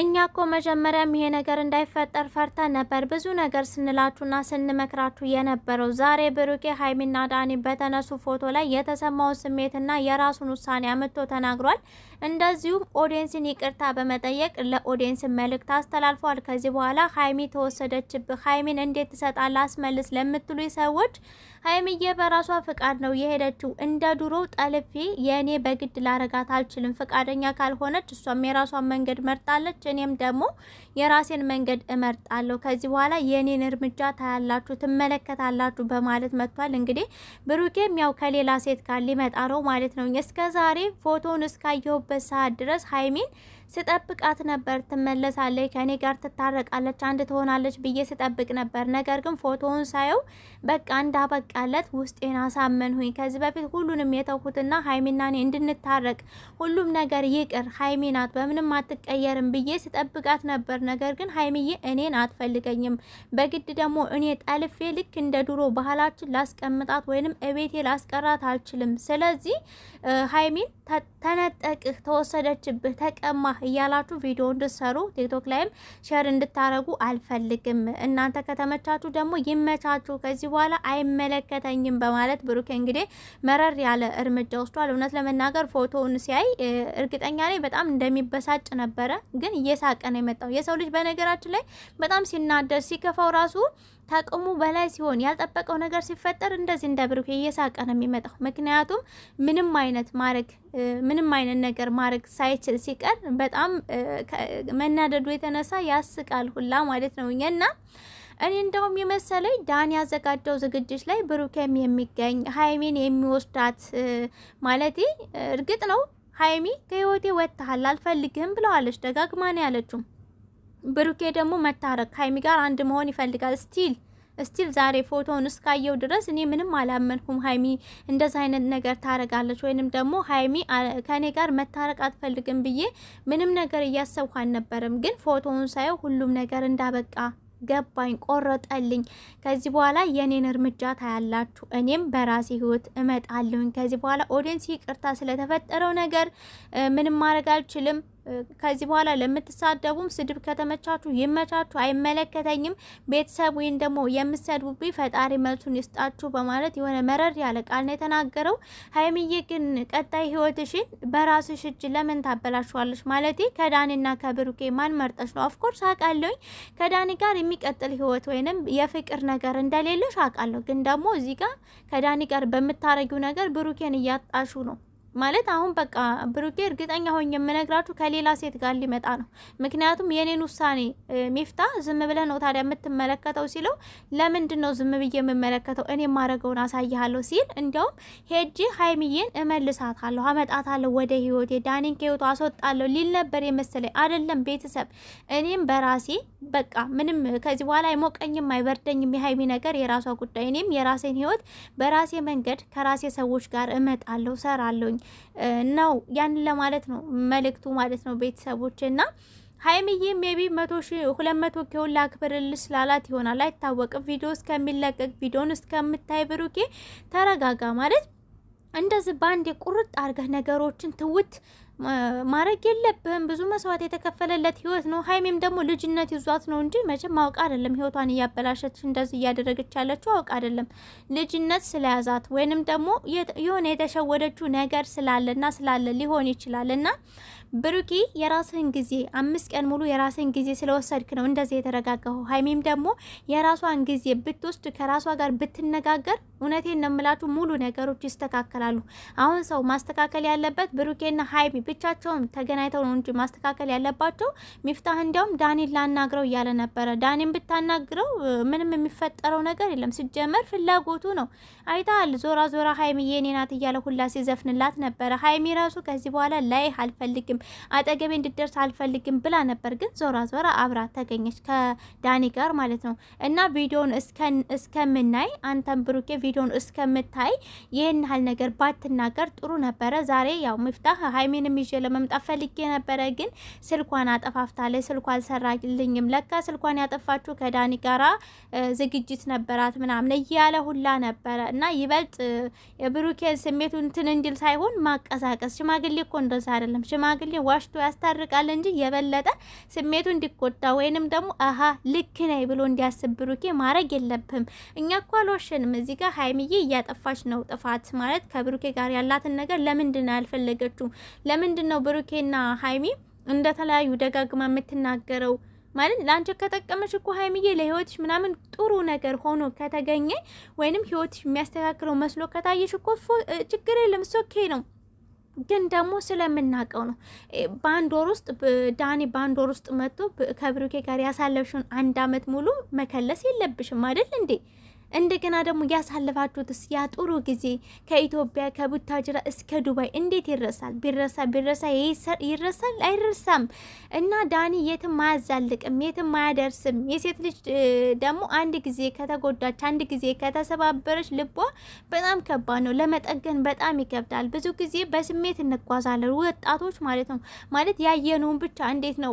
እኛ ኮ መጀመሪያም ይሄ ነገር እንዳይፈጠር ፈርተን ነበር፣ ብዙ ነገር ስንላችሁና ስንመክራችሁ የነበረው። ዛሬ ብሩኬ ሀይሚና ዳኒ በተነሱ ፎቶ ላይ የተሰማውን ስሜትና የራሱን ውሳኔ አምጥቶ ተናግሯል። እንደዚሁም ኦዲንስን ይቅርታ በመጠየቅ ለኦዲንስ መልእክት አስተላልፏል። ከዚህ በኋላ ሀይሚ ተወሰደችብህ፣ ሀይሚን እንዴት ትሰጣል አስመልስ ለምትሉ ሰዎች ሀይሚዬ በራሷ ፍቃድ ነው የሄደችው። እንደ ድሮ ጠልፌ የእኔ በግድ ላረጋት አልችልም። ፍቃደኛ ካልሆነች እሷም የራሷን መንገድ መርጣለች። እኔም ደግሞ የራሴን መንገድ እመርጣለሁ፣ ከዚህ በኋላ የእኔን እርምጃ ታያላችሁ፣ ትመለከታላችሁ በማለት መጥቷል። እንግዲህ ብሩኬም ያው ከሌላ ሴት ጋር ሊመጣ ነው ማለት ነው። እስከ ዛሬ ፎቶውን እስካየሁበት ሰዓት ድረስ ሀይሚን ስጠብቃት ነበር። ትመለሳለች፣ ከእኔ ጋር ትታረቃለች፣ አንድ ትሆናለች ብዬ ስጠብቅ ነበር። ነገር ግን ፎቶውን ሳየው በቃ እንዳበቃለት ውስጤን አሳመንሁኝ። ከዚህ በፊት ሁሉንም የተውኩትና ሀይሚና እኔ እንድንታረቅ ሁሉም ነገር ይቅር፣ ሀይሚ ናት በምንም አትቀየርም ብዬ ስጠብቃት ነበር። ነገር ግን ሀይሚዬ እኔን አትፈልገኝም። በግድ ደግሞ እኔ ጠልፌ ልክ እንደ ድሮ ባህላችን ላስቀምጣት ወይንም እቤቴ ላስቀራት አልችልም። ስለዚህ ሀይሚን ተነጠቅህ፣ ተወሰደችብህ፣ ተቀማህ እያላችሁ ቪዲዮ እንድትሰሩ ቲክቶክ ላይም ሼር እንድታረጉ አልፈልግም። እናንተ ከተመቻችሁ ደግሞ ይመቻችሁ፣ ከዚህ በኋላ አይመለከተኝም በማለት ብሩኬ እንግዲህ መረር ያለ እርምጃ ወስዷል። እውነት ለመናገር ፎቶውን ሲያይ እርግጠኛ ላይ በጣም እንደሚበሳጭ ነበረ፣ ግን እየሳቀ ነው የመጣው። የሰው ልጅ በነገራችን ላይ በጣም ሲናደር ሲከፋው ራሱ ከአቅሙ በላይ ሲሆን ያልጠበቀው ነገር ሲፈጠር እንደዚህ እንደ ብሩኬ እየሳቀ ነው የሚመጣው። ምክንያቱም ምንም አይነት ማድረግ ምንም አይነት ነገር ማድረግ ሳይችል ሲቀር በጣም መናደዱ የተነሳ ያስቃል ሁላ ማለት ነው እና እኔ እንደውም የመሰለኝ ዳን ያዘጋጀው ዝግጅት ላይ ብሩኬም የሚገኝ ሀይሜን የሚወስዳት ማለት እርግጥ ነው ሀይሚ ከህይወቴ ወጥተሃል አልፈልግህም ብለዋለች። ደጋግማ ነው ያለችው። ብሩኬ ደግሞ መታረቅ ሀይሚ ጋር አንድ መሆን ይፈልጋል ስቲል ስቲል ዛሬ ፎቶውን እስካየው ድረስ እኔ ምንም አላመንኩም። ሀይሚ እንደዛ አይነት ነገር ታረጋለች ወይንም ደግሞ ሀይሚ ከእኔ ጋር መታረቅ አትፈልግም ብዬ ምንም ነገር እያሰብኩ አልነበረም። ግን ፎቶውን ሳየው ሁሉም ነገር እንዳበቃ ገባኝ፣ ቆረጠልኝ። ከዚህ በኋላ የኔን እርምጃ ታያላችሁ። እኔም በራሴ ህይወት እመጣለሁኝ። ከዚህ በኋላ ኦዲንስ ይቅርታ ስለተፈጠረው ነገር ምንም ማድረግ አልችልም። ከዚህ በኋላ ለምትሳደቡም ስድብ ከተመቻችሁ ይመቻችሁ፣ አይመለከተኝም። ቤተሰብ ወይም ደግሞ የምሰድቡብኝ ፈጣሪ መልሱን ይስጣችሁ በማለት የሆነ መረር ያለ ቃል ነው የተናገረው። ሀይሚዬ ግን ቀጣይ ህይወትሽን በራስሽ እጅ ለምን ታበላሸዋለሽ? ማለት ከዳኒና ከብሩኬ ማን መርጠሽ ነው? ኦፍኮርስ አውቃለሁኝ ከዳኒ ጋር የሚቀጥል ህይወት ወይንም የፍቅር ነገር እንደሌለሽ አውቃለሁ። ግን ደግሞ እዚህ ጋር ከዳኒ ጋር በምታረጊው ነገር ብሩኬን እያጣሹ ነው ማለት አሁን በቃ ብሩኬ እርግጠኛ ሆኝ የምነግራችሁ ከሌላ ሴት ጋር ሊመጣ ነው። ምክንያቱም የኔን ውሳኔ ሚፍታ ዝም ብለህ ነው ታዲያ የምትመለከተው ሲለው ለምንድን ነው ዝም ብዬ የምመለከተው እኔ ማድረገውን አሳይሃለሁ ሲል እንዲያውም ሄጄ ሀይሚዬን እመልሳታለሁ፣ አመጣታለሁ ወደ ህይወቴ፣ ዳኒን ከህይወቱ አስወጣለሁ ሊል ነበር የመሰለኝ። አይደለም ቤተሰብ እኔም በራሴ በቃ ምንም ከዚህ በኋላ አይሞቀኝም አይበርደኝም። የሀይሚ ነገር የራሷ ጉዳይ፣ እኔም የራሴን ህይወት በራሴ መንገድ ከራሴ ሰዎች ጋር እመጣለሁ፣ ሰራለሁኝ ነው ያን ለማለት ነው መልእክቱ ማለት ነው ቤተሰቦች እና ሀይሚዬ ሜቢ መቶ ሺ ሁለት መቶ ኬውን ላክብርልሽ ይሆናል አይታወቅም። ቪዲዮ እስከሚለቀቅ ቪዲዮን እስከምታይ ብሩኬ ተረጋጋ ማለት እንደዚህ በአንድ ቁርጥ አርገህ ነገሮችን ትውት ማድረግ የለብህም። ብዙ መስዋዕት የተከፈለለት ህይወት ነው። ሀይሜም ደግሞ ልጅነት ይዟት ነው እንጂ መቼም አውቅ አይደለም ህይወቷን እያበላሸች እንደዚህ እያደረገች ያለችው አውቃ አይደለም። ልጅነት ስለያዛት ወይንም ደግሞ የሆነ የተሸወደችው ነገር ስላለና ስላለ ሊሆን ይችላል። እና ብሩኪ የራስህን ጊዜ አምስት ቀን ሙሉ የራስህን ጊዜ ስለወሰድክ ነው እንደዚህ የተረጋጋሁ። ሀይሜም ደግሞ የራሷን ጊዜ ብትወስድ ከራሷ ጋር ብትነጋገር እውነቴን ነው የምላችሁ ሙሉ ነገሮች ይስተካከላሉ። አሁን ሰው ማስተካከል ያለበት ብሩኬና ሀይሜ ብቻቸውም ተገናኝተው ነው እንጂ ማስተካከል ያለባቸው። ሚፍታህ እንዲያውም ዳኒን ላናግረው እያለ ነበረ። ዳኒን ብታናግረው ምንም የሚፈጠረው ነገር የለም። ሲጀመር ፍላጎቱ ነው። አይታል ዞራ ዞራ ሀይሚ እኔ ናት እያለ ሁላ ሲዘፍንላት ነበረ። ሀይሚ ራሱ ከዚህ በኋላ ላይ አልፈልግም፣ አጠገቤ እንድደርስ አልፈልግም ብላ ነበር። ግን ዞራ ዞራ አብራ ተገኘች ከዳኒ ጋር ማለት ነው። እና ቪዲዮን እስከምናይ አንተን ብሩኬ ቪዲዮን እስከምታይ ይህን ያህል ነገር ባትናገር ጥሩ ነበረ። ዛሬ ያው ሚፍታህ ሀይሚን ይዤ ለመምጣት ፈልጌ ነበረ፣ ግን ስልኳን አጠፋፍታለች። ስልኩ አልሰራልኝም። ለካ ስልኳን ያጠፋችሁ ከዳኒ ጋራ ዝግጅት ነበራት ምናምን እያለ ሁላ ነበረ እና ይበልጥ የብሩኬ ስሜቱ እንትን እንዲል ሳይሆን ማቀሳቀስ። ሽማግሌ እኮ እንደዛ አይደለም። ሽማግሌ ዋሽቶ ያስታርቃል እንጂ የበለጠ ስሜቱ እንዲቆጣ ወይንም ደግሞ አሀ ልክ ነይ ብሎ እንዲያስብ ብሩኬ ማድረግ የለብህም። እኛ እኮ አልወሸንም። እዚህ ጋር ሀይምዬ እያጠፋች ነው። ጥፋት ማለት ከብሩኬ ጋር ያላትን ነገር ለምንድን አልፈለገችውም? ለምን ለምንድን ነው ብሩኬና ሀይሚ እንደተለያዩ ደጋግማ የምትናገረው? ማለት ለአንቺ ከጠቀመሽ እኮ ሀይሚዬ ለህይወትሽ ምናምን ጥሩ ነገር ሆኖ ከተገኘ ወይንም ህይወትሽ የሚያስተካክለው መስሎ ከታየሽ እኮ ችግር የለም ሶኬ ነው። ግን ደግሞ ስለምናውቀው ነው። በአንድ ወር ውስጥ ዳኒ በአንድ ወር ውስጥ መጥቶ ከብሩኬ ጋር ያሳለፍሽውን አንድ አመት ሙሉ መከለስ የለብሽም አይደል እንዴ? እንደገና ደግሞ ያሳለፋችሁትስ ያ ጥሩ ጊዜ ከኢትዮጵያ ከቡታጅራ እስከ ዱባይ እንዴት ይረሳል? ቢረሳ ቢረሳ ይረሳል? አይረሳም። እና ዳኒ የትም አያዛልቅም፣ የትም አያደርስም። የሴት ልጅ ደግሞ አንድ ጊዜ ከተጎዳች፣ አንድ ጊዜ ከተሰባበረች ልቧ በጣም ከባድ ነው፣ ለመጠገን በጣም ይከብዳል። ብዙ ጊዜ በስሜት እንጓዛለን ወጣቶች ማለት ነው። ማለት ያየነውን ብቻ እንዴት ነው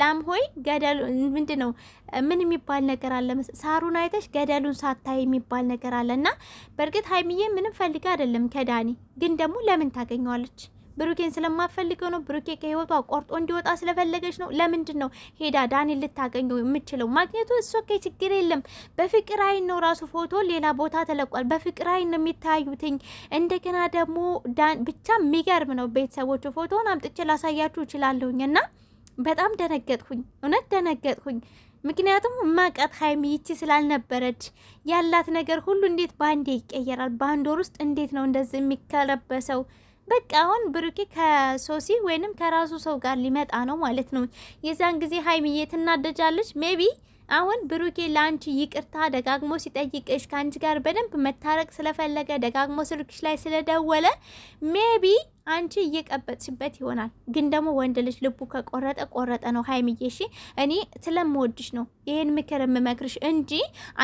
ላም ሆይ ገደሉ ምንድን ነው ምን የሚባል ነገር አለ? ሳሩን አይተሽ ገደሉ እሱን ሳታይ የሚባል ነገር አለ እና በእርግጥ ሀይሚዬ ምንም ፈልግ አይደለም ከዳኒ ግን ደግሞ ለምን ታገኘዋለች? ብሩኬን ስለማፈልገው ነው። ብሩኬ ከህይወቷ ቆርጦ እንዲወጣ ስለፈለገች ነው። ለምንድን ነው ሄዳ ዳኒ ልታገኘው የምችለው? ማግኘቱ እሱ ኦኬ፣ ችግር የለም። በፍቅር አይን ነው ራሱ ፎቶ ሌላ ቦታ ተለቋል። በፍቅር አይን ነው የሚታዩትኝ። እንደገና ደግሞ ብቻ የሚገርም ነው። ቤተሰቦቹ ፎቶውን አምጥቼ ላሳያችሁ እችላለሁኝ እና በጣም ደነገጥኩኝ፣ እውነት ደነገጥኩኝ። ምክንያቱም ማቃት ሀይሚ ይቺ ስላልነበረች ያላት ነገር ሁሉ እንዴት በአንዴ ይቀየራል? በአንድ ወር ውስጥ እንዴት ነው እንደዚህ የሚከለበሰው? በቃ አሁን ብሩኬ ከሶሲ ወይንም ከራሱ ሰው ጋር ሊመጣ ነው ማለት ነው። የዛን ጊዜ ሀይሚዬ ትናደጃለች ሜቢ አሁን ብሩኬ ለአንቺ ይቅርታ ደጋግሞ ሲጠይቅሽ ከአንቺ ጋር በደንብ መታረቅ ስለፈለገ ደጋግሞ ስልክሽ ላይ ስለደወለ ሜቢ አንቺ እየቀበጥሽበት ይሆናል፣ ግን ደግሞ ወንድ ልጅ ልቡ ከቆረጠ ቆረጠ ነው። ሀይሚዬ እሺ፣ እኔ ስለምወድሽ ነው ይሄን ምክር የምመክርሽ እንጂ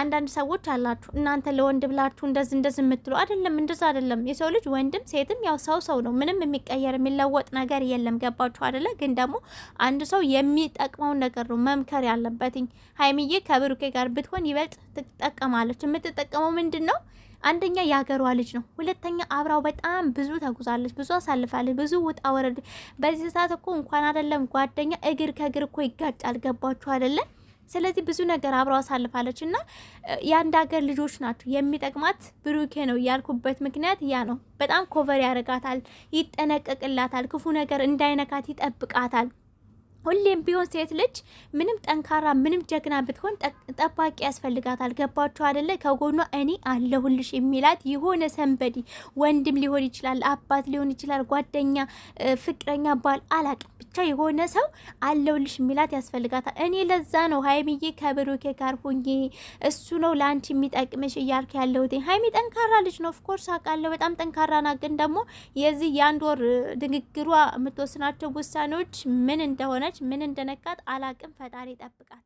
አንዳንድ ሰዎች አላችሁ እናንተ ለወንድ ብላችሁ እንደዚህ እንደዚህ የምትሉ አይደለም። እንደዛ አይደለም። የሰው ልጅ ወንድም ሴትም ያው ሰው ሰው ነው። ምንም የሚቀየር የሚለወጥ ነገር የለም። ገባችሁ አደለ? ግን ደግሞ አንድ ሰው የሚጠቅመውን ነገር ነው መምከር ያለበትኝ። ሀይሚዬ ከብሩኬ ጋር ብትሆን ይበልጥ ትጠቀማለች። የምትጠቀመው ምንድን ነው አንደኛ የሀገሯ ልጅ ነው፣ ሁለተኛ አብራው በጣም ብዙ ተጉዛለች፣ ብዙ አሳልፋለች፣ ብዙ ውጣ ወረድ። በዚህ ሰዓት እኮ እንኳን አይደለም ጓደኛ እግር ከእግር እኮ ይጋጫል። ገባችሁ አይደለም? ስለዚህ ብዙ ነገር አብረው አሳልፋለች እና የአንድ ሀገር ልጆች ናቸው። የሚጠቅማት ብሩኬ ነው ያልኩበት ምክንያት ያ ነው። በጣም ኮቨር ያደርጋታል፣ ይጠነቀቅላታል፣ ክፉ ነገር እንዳይነካት ይጠብቃታል። ሁሌም ቢሆን ሴት ልጅ ምንም ጠንካራ ምንም ጀግና ብትሆን ጠባቂ ያስፈልጋታል። ገባችሁ አደለ? ከጎኗ እኔ አለሁልሽ የሚላት የሆነ ሰንበዲ ወንድም ሊሆን ይችላል፣ አባት ሊሆን ይችላል፣ ጓደኛ፣ ፍቅረኛ፣ ባል አላቅም፣ ብቻ የሆነ ሰው አለሁልሽ የሚላት ያስፈልጋታል። እኔ ለዛ ነው ሀይሚዬ ከብሩኬ ጋር ሁኚ፣ እሱ ነው ለአንቺ የሚጠቅምሽ እያልክ ያለሁት። ሀይሚ ጠንካራ ልጅ ነው፣ ኦፍኮርስ አውቃለሁ፣ በጣም ጠንካራ ናት። ግን ደግሞ የዚህ የአንድ ወር ንግግሯ የምትወስናቸው ውሳኔዎች ምን እንደሆነች ምን እንደነካት አላቅም። ፈጣሪ ይጠብቃት።